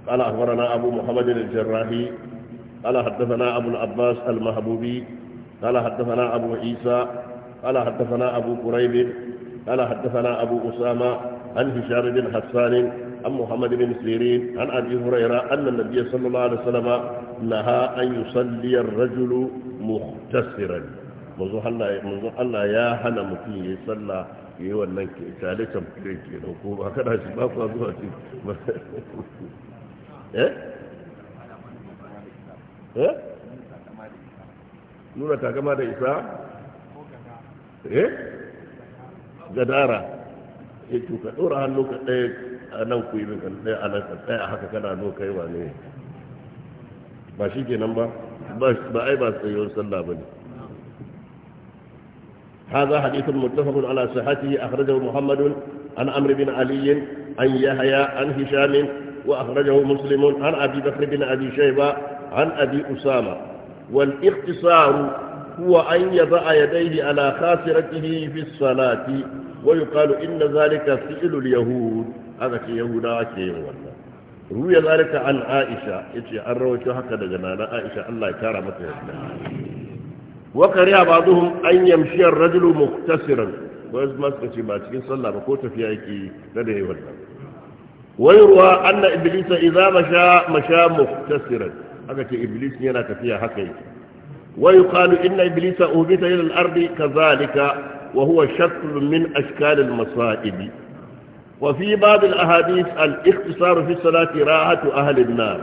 قال أخبرنا أبو محمد الجراحي قال حدثنا أبو العباس المهبوبي قال حدثنا أبو عيسى قال حدثنا أبو قريب قال حدثنا أبو أسامة عن هشام بن حسان عن محمد بن سيرين عن أبي هريرة أن النبي صلى الله عليه وسلم نهى أن يصلي الرجل مختصرا منذ الله يا هنا متي يصلى ke yi wannan ke tare can camfire ke da ko ba kada shi ba kwa zuwa ce eh eh nuna takama da isa eh gadara ya eh, tuka ɗora hannu ka ɗaya a nan ku yi kan ɗaya a nan ka ɗaya a haka kana zo kai wa ne ba shi ke nan ba ba ai ba sayo sallah ba ne هذا حديث متفق على صحته أخرجه محمد عن عمرو بن علي عن يحيى عن هشام وأخرجه مسلم عن أبي بكر بن أبي شيبة عن أبي أسامة والاختصار هو أن يضع يديه على خاسرته في الصلاة ويقال إن ذلك فعل اليهود هذا يهودا كيهودا روي ذلك عن عائشة يتي أن رويته هكذا جنانا عائشة الله يكرمته وكره بعضهم أن يمشي الرجل مختصرا ويز ما سكتي ما تكين صلى بكوت في أيكي لديه ولا ويروى أن إبليس إذا مشى مشى مختصرا أكت إبليس ينا تفيا حكي ويقال إن إبليس أهبط إلى الأرض كذلك وهو شكل من أشكال المصائب وفي بعض الأحاديث الاختصار في الصلاة راحة أهل النار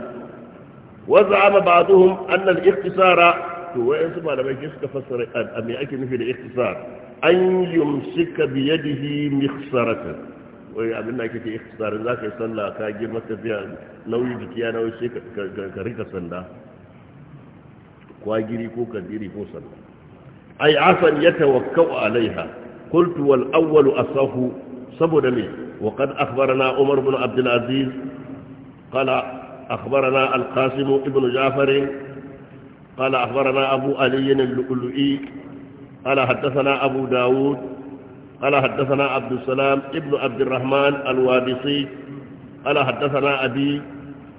وزعم بعضهم أن الاختصار to wayansu malamai ke suka fassara a me ake nufi da ikhtisar an yumsika bi yadihi mikhsaratan wai abin da ake ce ikhtisar za ka yi sallah ka girma ka biya nauyi jiki ya nauyi sai ka rika sanda kwagiri ko kadiri ko sanda ai asan ya tawakkau alaiha qultu wal awwalu asahu saboda me wa qad akhbarana umar ibn abdul aziz qala akhbarana al qasim ibn ja'far قال أخبرنا أبو علي اللؤلؤي قال حدثنا أبو داود قال حدثنا عبد السلام ابن عبد الرحمن الوادصي قال حدثنا أبي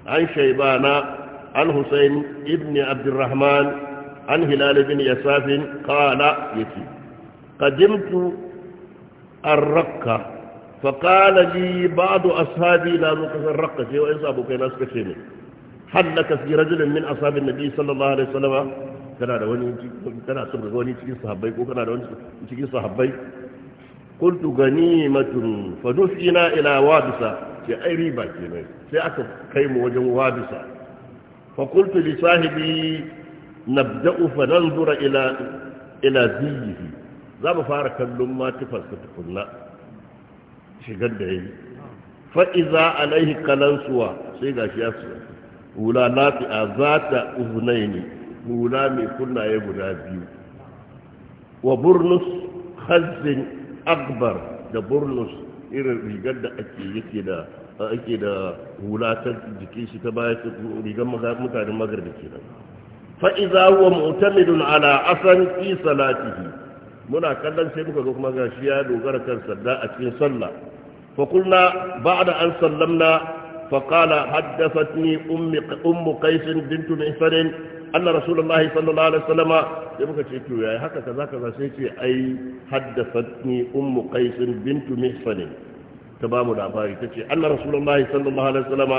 عن شيبان عن حسين ابن عبد الرحمن عن هلال بن يساف قال يتي قدمت الرقة فقال لي بعض أصحابي لا نقص الرقة وإنسى أبو كيناس كثيرين hallaka fi rajulin min ashabin nabi sallallahu alaihi wasallam kana da wani kana son ga wani cikin sahabbai ko kana da wani cikin sahabbai kuntu ganimatun fadufina ila wadisa ce ai riba kenan sai aka kai mu wajen wadisa fa kuntu li sahibi nabda'u fa nanzura ila ila ziyihi za mu fara kallon ma su tukunna shigar da yayi fa iza alaihi kalansuwa sai gashi ya suwa hula nafi'a za ta ne hula mai kunnaye guda biyu wa burnus hajjin akbar da burnus irin rigar da ake yake da ake da hula ta jikin shi ta baya rigar mutanen magarbi kenan fa'iza huwa mu'tamidun ala asan fi salatihi muna kallon sai muka ga kuma shi ya dogara kan sadda a cikin sallah fa kulna ba'da an sallamna فقال حدثتني أم, أم قيس بنت محسن أن رسول الله صلى الله عليه وسلم يبقى تشيكو يا حكا كذا كذا سيتي أي حدثتني أم قيس بنت محسن تمام الأباري تشي أن رسول الله صلى الله عليه وسلم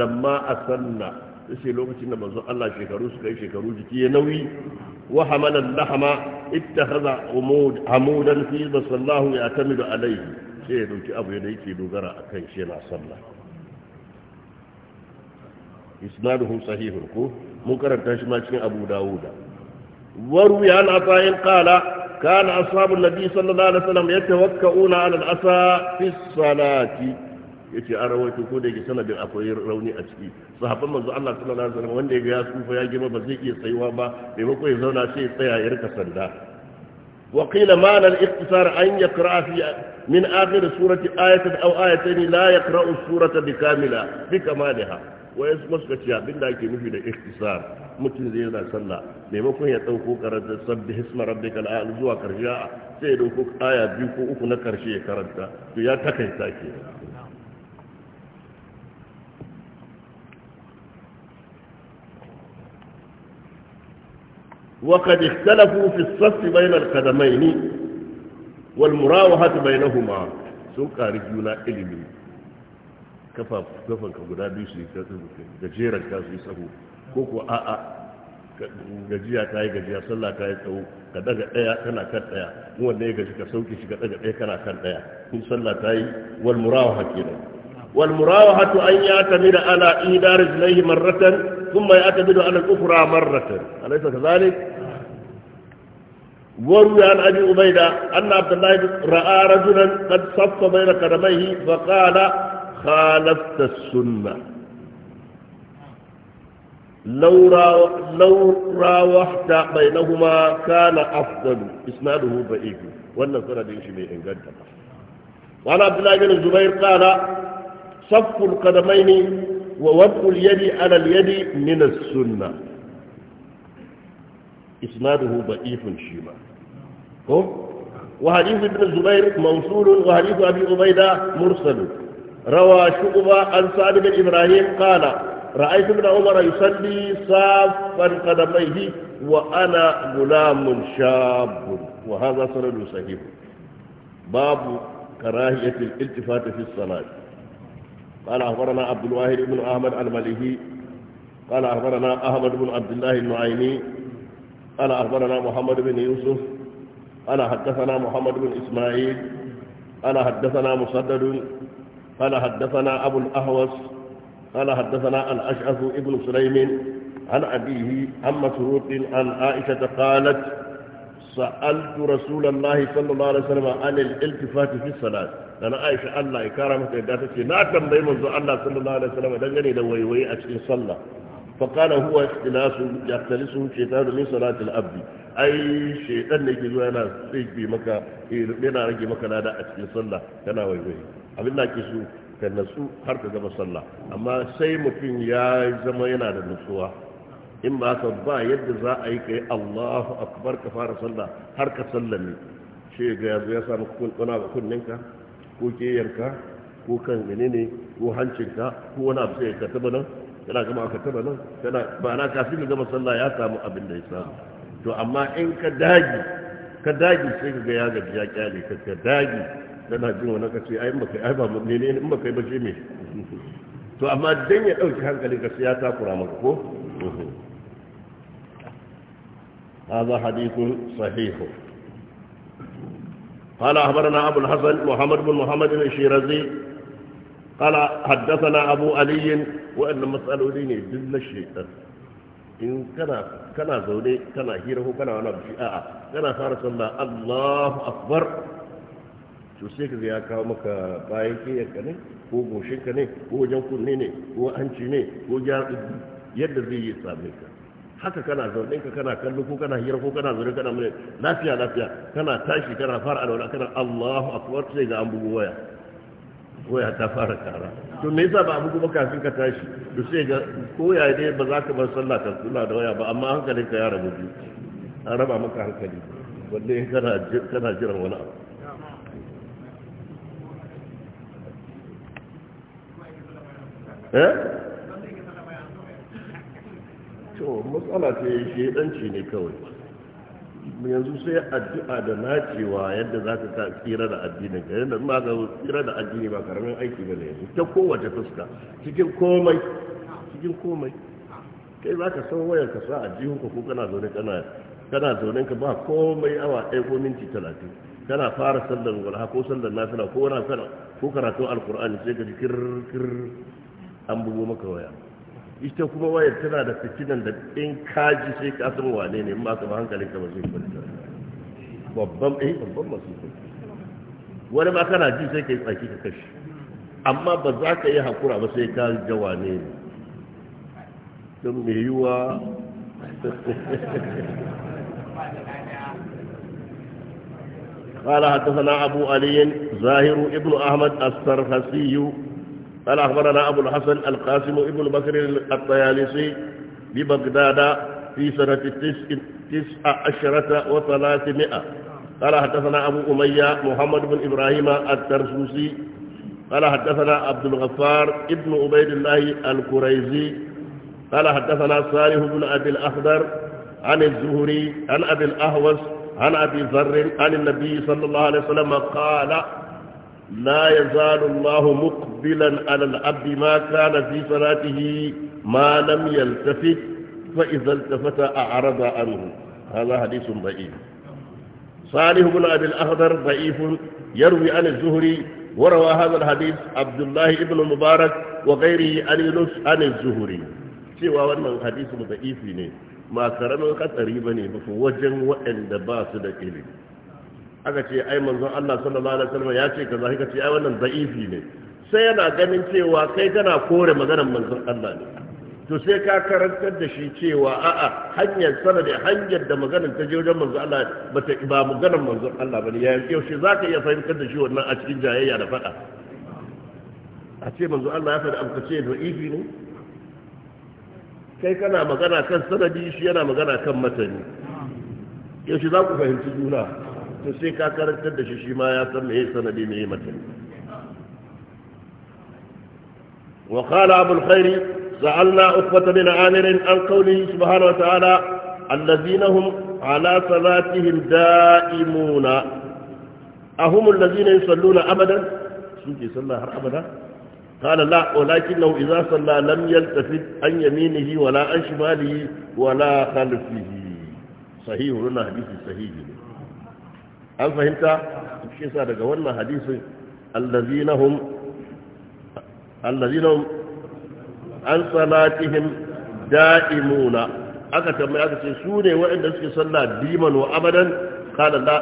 لما أسلنا sai lokacin da manzon Allah shekaru suka shekaru jiki ya nauyi wa hamala lahama ittakhadha umud amudan fi sallahu ya'tamidu alayhi sai ya dauki abu da yake dogara akan shi na sallah isnaduhu sahihun ko mun karanta shi ma cikin abu dawuda waru ya na bayan kala kana ashabun nabi sallallahu alaihi wasallam yatawakkauna ala al-asa fi salati yace an rawaito ko da yake sanadin akwai rauni a ciki sahabban manzo Allah sallallahu alaihi wasallam wanda ya tsufa ya girma ba zai iya tsayuwa ba maimakon ya zauna sai ya tsaya ya rika sanda وقيل معنى الاختصار أن يقرأ في من آخر سورة آية أو آيتين لا يقرأ السورة بكاملة بكمالها wai suka ce abin da ake nufi da ikhtisar mutum zai yana sallah maimakon ya ɗauko karanta sabbi hisma rabbi kal'a'al zuwa karshe a sai ya ɗauko aya biyu ko uku na karshe ya karanta to ya takaita ke وقد اختلفوا في الصف بين القدمين والمراوحة بينهما سوكا رجونا إلمي kafanka guda biyu su yi gajeren ka su yi sahu ko kuwa a'a gajiya ta yi gajiya sallah ta yi tsaho. ka daga ɗaya kana kan ɗaya. in wanda ya gaji ka sauke shi ka daga ɗaya kana kan ɗaya. in sallah ta yi wal murawaha kenan wal murawahatu an yi yatamida ala idar rijlaihi marratan thumma yatamidu ala al-ukhra marratan alaysa kadhalik وروي عن ابي عبيده ان عبد الله راى رجلا قد صف بين قدميه فقال خالفت السنة لو, لو راوحت بينهما كان أفضل إسناده ضعيف ولا سند شبيه انجد وعن عبد الله بن الزبير قال صف القدمين ووضع اليد على اليد من السنة إسناده ضعيف شيما وحديث ابن الزبير موصول وحديث أبي عبيدة مرسل روى شعبة عن سعد بن إبراهيم قال رأيت ابن عمر يصلي صافا قدميه وأنا غلام شاب وهذا سند صحيح باب كراهية الالتفات في الصلاة قال أخبرنا عبد الواحد بن أحمد المليهي قال أخبرنا أحمد بن عبد الله النعيمي قال أخبرنا محمد بن يوسف قال حدثنا محمد بن إسماعيل قال حدثنا مسدد قال حدثنا أبو الأهوس قال حدثنا الأشعث ابن سليم عن أبيه عن مسروق عن عائشة قالت سألت رسول الله صلى الله عليه وسلم عن الالتفات في الصلاة لأن عائشة الله يكرمك ذاتك لا تنبي منذ الله صلى الله عليه وسلم دجني دوي وي صلى فقال هو اختلاس يختلسه الشيطان من صلاة الأبد أي شيطان يجي زوانا مكه مكا انا رجي مكة لا دا أتي صلى كنا وي وي abin da ke so ka natsu har ka gama sallah amma sai mutum ya zama yana da nutsuwa in ba ka ba yadda za a yi kai Allahu akbar ka fara sallah har ka sallame shi ga yanzu ya samu kuna ga kunninka ko keyarka ko kan gani ne, ko hancinka ko wani abu sai ka taba nan kana gama ka taba nan ba na kafin ka gama sallah ya samu abin da ya samu to amma in ka dagi ka dagi sai ka ga ya gaji ya kyale ka ka dagi jin wani ai ba ne in ba me to amma dan ya dauki hankali ya takura maka ko هذا حديث صحيح قال أخبرنا أبو الحسن محمد بن محمد الشيرازي قال حدثنا أبو علي وأن مسألة ديني جل الشيطان إن كان كان زوني كان هيره كان أنا بشيء كان خارج الله أكبر to sai ka ya kawo maka bayan ka ne ko ka ne ko wajen kunne ne ko hanci ne ko gyara yadda zai yi same ka haka kana zaune ka kana kallo ko kana hira ko kana zaune kana mune lafiya lafiya kana tashi kana fara alwala kana Allahu akbar sai ga an bugu waya waya ta fara kara to me yasa ba a bugu ba kafin ka tashi to sai ga ko ya dai ba za ka bar sallah ka kula da waya ba amma hankalinka ya rabu an raba maka hankali wanda in kana jiran wani abu Eh? to matsala ce shedanci ne kawai yanzu sai addu'a da nacewa yadda za ka tsira da addinin ka yadda ma ka tsira da addini ba karamin aiki ba ne yanzu ta kowace fuska cikin komai cikin komai kai za ka san wayar ka sa a jihunka ko kana zaune kana kana zaune ka ba komai awa ɗaya ko minti talatin kana fara sallar walha ko sallar nafila ko wani sana ko karatun alkur'ani sai ka ji kirkir an bugo maka waya ita kuma wayar tana da fitinan da in kaji sai ka san wane ne in ba ka ba hankalin ka ba zai kwanta babban eh babban masu kwanta wani ma kana ji sai ka yi tsaki ka kashi amma ba za ka yi hakura ba sai ka ga wane ne don me yiwa قال حدثنا أبو علي زاهر ابن أحمد السرخسي قال أخبرنا أبو الحسن القاسم ابن بكر الطيالسي ببغداد في سنة تسع, تسع عشرة وثلاثمائة قال حدثنا أبو أمية محمد بن إبراهيم الترسوسي قال حدثنا عبد الغفار ابن عبيد الله الكريزي قال حدثنا صالح بن أبي الأخضر عن الزهري عن أبي الأهوس عن أبي ذر عن النبي صلى الله عليه وسلم قال لا يزال الله مقبلا على العبد ما كان في صلاته ما لم يلتفت فإذا التفت أعرض عنه هذا حديث ضعيف صالح بن أبي الأخضر ضعيف يروي عن الزهري وروى هذا الحديث عبد الله بن المبارك وغيره عن يونس عن الزهري سوى وأن حديث ضعيف ما كرمه كثري بني بفوجن وأن باس إليه aka ce ai manzon Allah sallallahu alaihi wasallam ya ce kaza kika ce ai wannan da'ifi ne sai yana ganin cewa kai kana kore maganar manzon Allah ne to sai ka karantar da shi cewa a'a hanyar sanadi hanyar da maganar ta je wajen manzon Allah ba ta ba maganar manzon Allah bane ya yaushe zaka iya fahimtar da shi wannan a cikin jayayya da fada a ce manzon Allah ya faɗi abu ce da'ifi ne kai kana magana kan sanadi shi yana magana kan matani yaushe za ku fahimci juna to sai ka karantar da shi shi ma ya san me sanadi me matan wa qala abul khairi sa'alna uqbata bin amir an qawli subhanahu wa ta'ala allazina hum ala salatihim da'imuna ahum allazina yusalluna abadan ke sallah har abada قال لا ولكنه إذا صلى لم يلتفت عن يمينه ولا عن شماله ولا خلفه صحيح لنا حديث صحيح an fahimta shi sa daga wannan hadisin allazinahum allazinahum an salatihim da'imuna aka tambaya aka ce su ne waɗanda suke sallah diman wa abadan kada la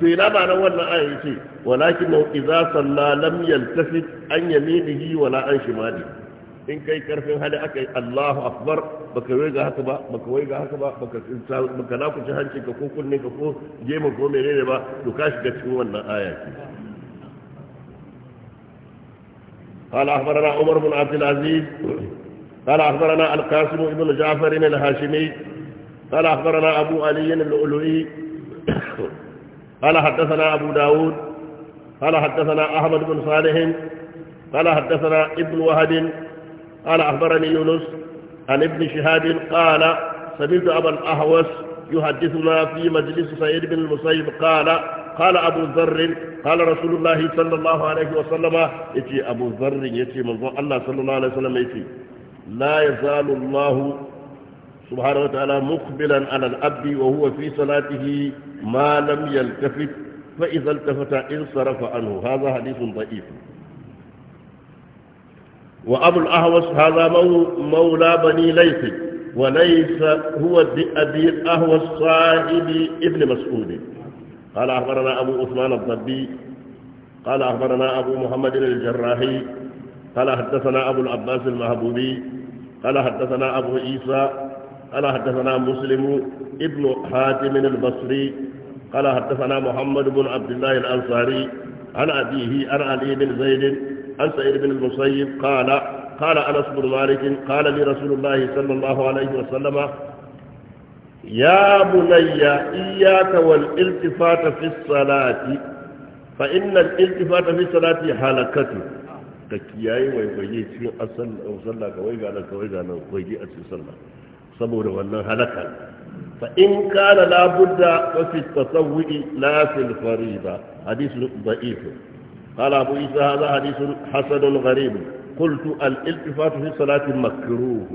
to ina ba nan wannan aya yace walakin idza salla lam yaltafit an yaminihi wala an shimalihi in kai karfin hali aka yi Allahu akbar baka wai ga haka ba baka wai ga haka ba baka baka na ku ci hanci ka ko kunne ka ko jema ko menene ba to ka shiga cikin wannan aya ce قال أخبرنا عمر بن عبد العزيز قال أخبرنا القاسم بن جعفر الهاشمي قال أخبرنا أبو علي بن الألوي قال حدثنا أبو داود قال حدثنا أحمد بن صالح قال حدثنا ابن وهب قال أخبرني يونس عن ابن شهاب قال سمعت أبا الأهوس يحدثنا في مجلس سعيد بن المسيب قال قال أبو ذر قال رسول الله صلى الله عليه وسلم يتي أبو ذر يتي منظر الله صلى الله عليه وسلم يتي لا يزال الله سبحانه وتعالى مقبلا على العبد وهو في صلاته ما لم يلتفت فإذا التفت انصرف عنه هذا حديث ضعيف وأبو الأهوس هذا مولى بني ليث وليس هو أبي الأهوس صاحب ابن مسعود قال أخبرنا أبو عثمان الضبي قال أخبرنا أبو محمد الجراحي قال حدثنا أبو العباس المهبوبي قال حدثنا أبو عيسى قال حدثنا مسلم ابن حاتم البصري قال حدثنا محمد بن عبد الله الأنصاري عن أبيه عن علي بن زيد عن سعيد بن المسيب قال قال أنس بن مالك قال لي رسول الله صلى الله عليه وسلم يا بني إياك والالتفات في الصلاة فإن الالتفات في الصلاة هلكته تكياي ويبيي في أصل أو صلى كويجا على كويجا أنا ويجي أصل صلى صبر وأنا هلكا فإن كان لابد ففي التطوع لا في الفريضة حديث ضعيف قال أبو عيسى هذا حديث حسن غريب قلت الالتفات في الصلاة مكروه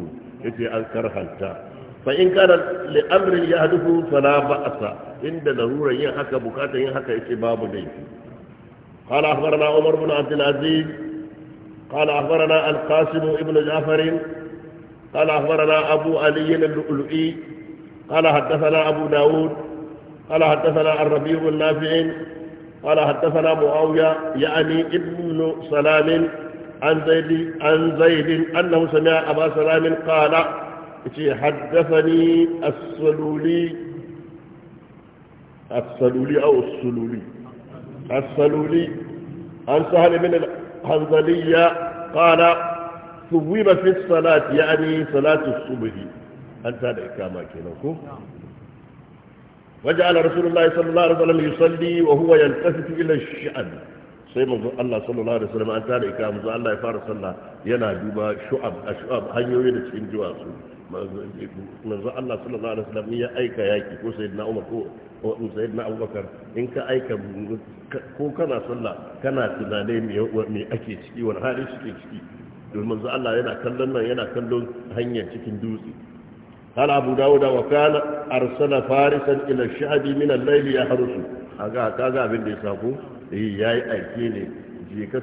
إذا أذكرها التاء فإن كان لأمر يهدف فلا بأس عند ضرورة ينحك بكاتا ينحك إتباب ليه قال أخبرنا عمر بن عبد العزيز قال أخبرنا القاسم بن جعفر قال أخبرنا أبو علي اللؤلؤي قال حدثنا أبو داود قال حدثنا الربيع النافع قال حدثنا معاوية يعني ابن سلام عن زيد عن زيد أنه سمع أبا سلام قال حدثني السلولي السلولي أو السلولي السلولي عن سهل بن الحنظلية قال ثوب في الصلاة يعني صلاة الصبح أنت هذا إكامة كنوكو وجعل رسول الله صلى الله عليه وسلم يصلي وهو يلتفت إلى الشعب sai manzo Allah sallallahu alaihi wasallam an tada ika manzo Allah ya fara sallah yana duba shu'ab ash'ab hanyoyi da cikin duwatsu manzo Allah sallallahu alaihi wasallam ya aika yaki ko sayyidina Umar ko sayyidina Abubakar in ka aika ko kana sallah kana tunane me ake ciki wani hali suke ciki domin manzo Allah yana kallon nan yana kallon hanyar cikin dutse قال أبو داود وكان أرسل فارسا إلى الشعب من الليل يحرس أقا كاقا بن لساقو هي ياي أيكيني جيكا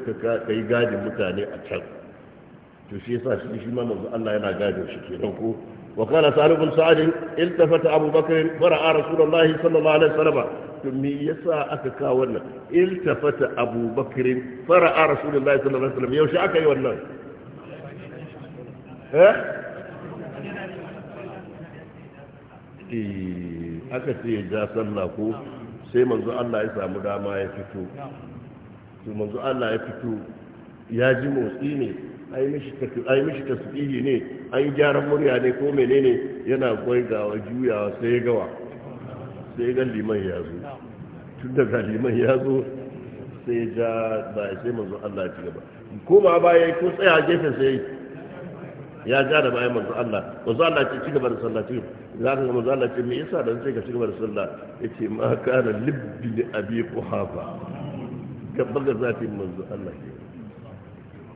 كي قادم متاني أتشك تشيسا شيشما منذ الله ينا قادم شكينوكو وقال سعد بن سعد التفت ابو بكر فراى رسول الله صلى الله عليه وسلم ثم يسا اكا wannan التفت ابو بكر فراى رسول الله صلى الله عليه وسلم يوشي اكا wannan eh aka ce ja sallah ko sai manzo Allah ya samu dama ya fito to manzo Allah ya fito ya ji motsi ne ai mishi ai mishi tasbihi ne Ai gyaran murya ne ko menene yana ga juyawa sai ya gawa sai ga liman ya zo tun daga liman ya zo sai ya ja ba sai manzo Allah ya ci gaba ko ma ba yayi ko tsaya gefen sai ya ja da bayan manzo Allah manzo Allah ce cigaba da sallah ce za ka ga manzo Allah ce me yasa dan sai ka cigaba da sallah yace ma kana libbi li abi quhafa ka ga zati manzo Allah ke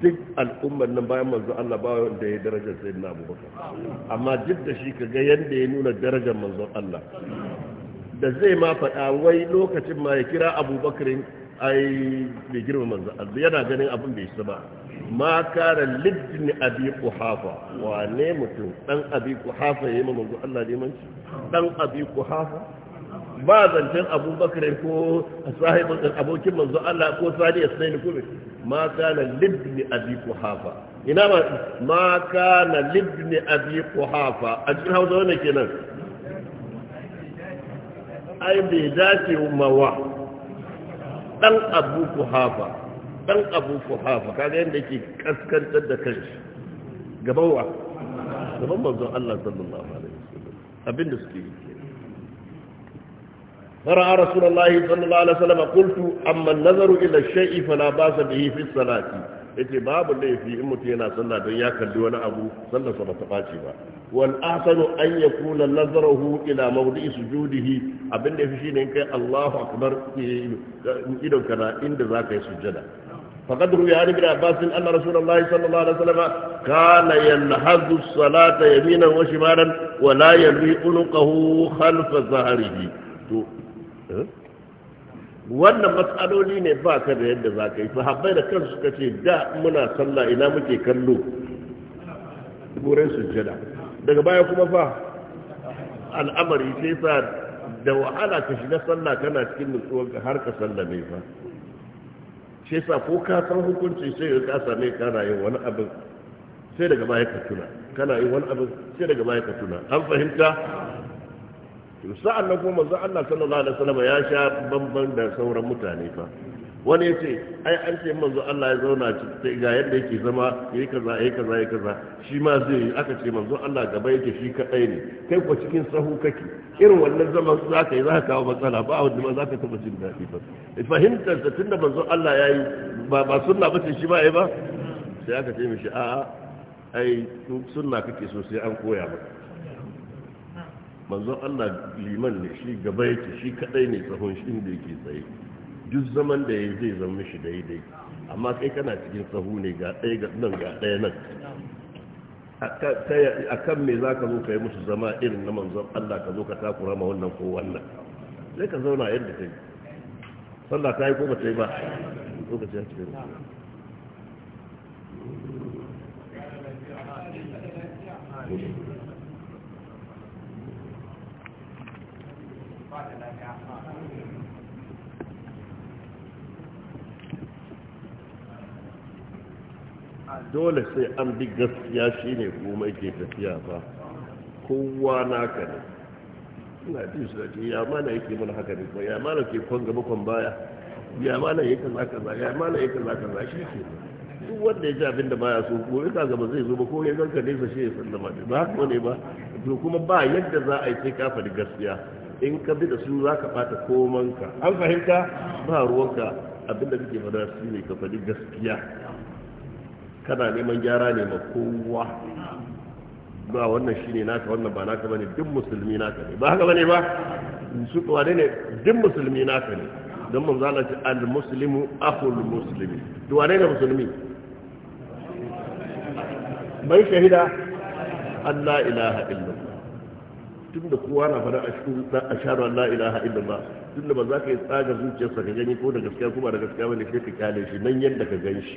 duk al'ummar nan bayan manzo Allah ba wanda ya daraja sayyidina Abubakar amma duk da shi kaga yanda ya nuna darajar manzo Allah da zai ma faɗa wai lokacin ma ya kira Abubakar ai bai girma manzo Allah yana ganin abin bai shi ba ma kara libni abi kuhafa wane mutum dan abi kuhafa yayi manzo Allah limanci dan abi kuhafa ba zancen abubakar ko sahibin abokin manzo Allah ko sani ya sai kuma ma kana libni abi kuhafa ina ma ma kana libni abi kuhafa a cikin hausa wannan kenan ai bai dace mawa dan abu kuhafa dan abu kuhafa kaga yadda ke kaskantar da kanshi gaban wa gaban manzon Allah sallallahu alaihi wasallam abinda suke yi فرأى رسول الله صلى الله عليه وسلم amma nazaru Ila إلى الشيء basa باس به في الصلاة yace babu laifi in mutum yana sallah don ya kalli wani abu sallarsa ba ta ɓaci ba wal ahsanu an yakuna nazarahu ila mawdi'i sujudihi abin da yafi shine kai Allahu akbar idon kana inda zaka yi sujjada فقد روي عن ابن عباس ان رسول الله صلى الله عليه وسلم كان ينهض الصلاه يمينا وشمالا ولا يلوي عنقه خلف ظهره wannan matsaloli ne ba ka da yadda za ka yi sahabbai da kansu suka ce da muna sallah ina muke kallo wurin sujjada daga baya kuma fa al'amari sai sa da wahala ka shiga sallah kana cikin nutsuwar har ka sallame fa shi sa ko ka san hukunci sai ka ne kana yin wani abin sai daga baya ka tuna kana yin wani abin sai daga baya ka tuna an fahimta to sa'an nan kuma manzo Allah sallallahu alaihi wasallam ya sha bamban da sauran mutane fa wani ce, ai an ce manzo Allah ya zauna ci ga yadda yake zama yayi kaza yayi kaza yayi kaza shi ma zai yi aka ce manzo Allah gaba yake shi kaɗai ne kai ko cikin sahu kake irin wannan zaman za ka yi za ka kawo matsala ba wanda ma za ka taba jin daɗi ba fahimtar da tunda manzo Allah ya yi ba sunna ba ce shi ba ai ba sai aka ce mishi a'a ai sunna kake so sai an koya ba. Manzo Allah liman ne shi gaba yake shi kaɗai ne sahun shi da yake tsaye duk zaman da ya zai zama shi daidai amma kai kana cikin sahu ne ga ɗaya ga nan ga ɗaya nan a kan me za ka zo ka yi musu zama irin na manzon Allah ka zo ka takura ma wannan ko wannan sai ka zauna yadda ta yi sallah ta yi ko ba ta yi ba zo ka ce yi. Thank you. dole sai an bi gaskiya shine komai ke tafiya ba kowa naka ne ina ji su da ke ya mana yake mana haka ne ko ya mana ke kwan gaba kwan baya ya mana yake kaza kaza ya mana yake kaza kaza shi ke duk wanda ya ji abin da baya so gobe kaga ba zai zo ba ko ya ne nesa shi ya sallama ne ba haka ne ba to kuma ba yadda za a yi sai ka faɗi gaskiya in ka bi da su za ka ɓata komanka an fahimta ba ruwanka abin da kake faɗa shi ne ka faɗi gaskiya kana neman gyara ne ma kowa ba wannan ne naka wannan ba naka bane duk musulmi naka ne ba haka bane ba su wane ne duk musulmi naka ne don manzo Allah ce al muslimu akhul muslimi duwa wane ne musulmi bai shahida an la ilaha illallah da kowa na fara a shaɗu allah ilaha illallah da ba za ka yi tsaga zuciyarsa ka gani ko da gaskiya kuma ba da gaskiya wani sai ka kyale shi nan yadda ka gan shi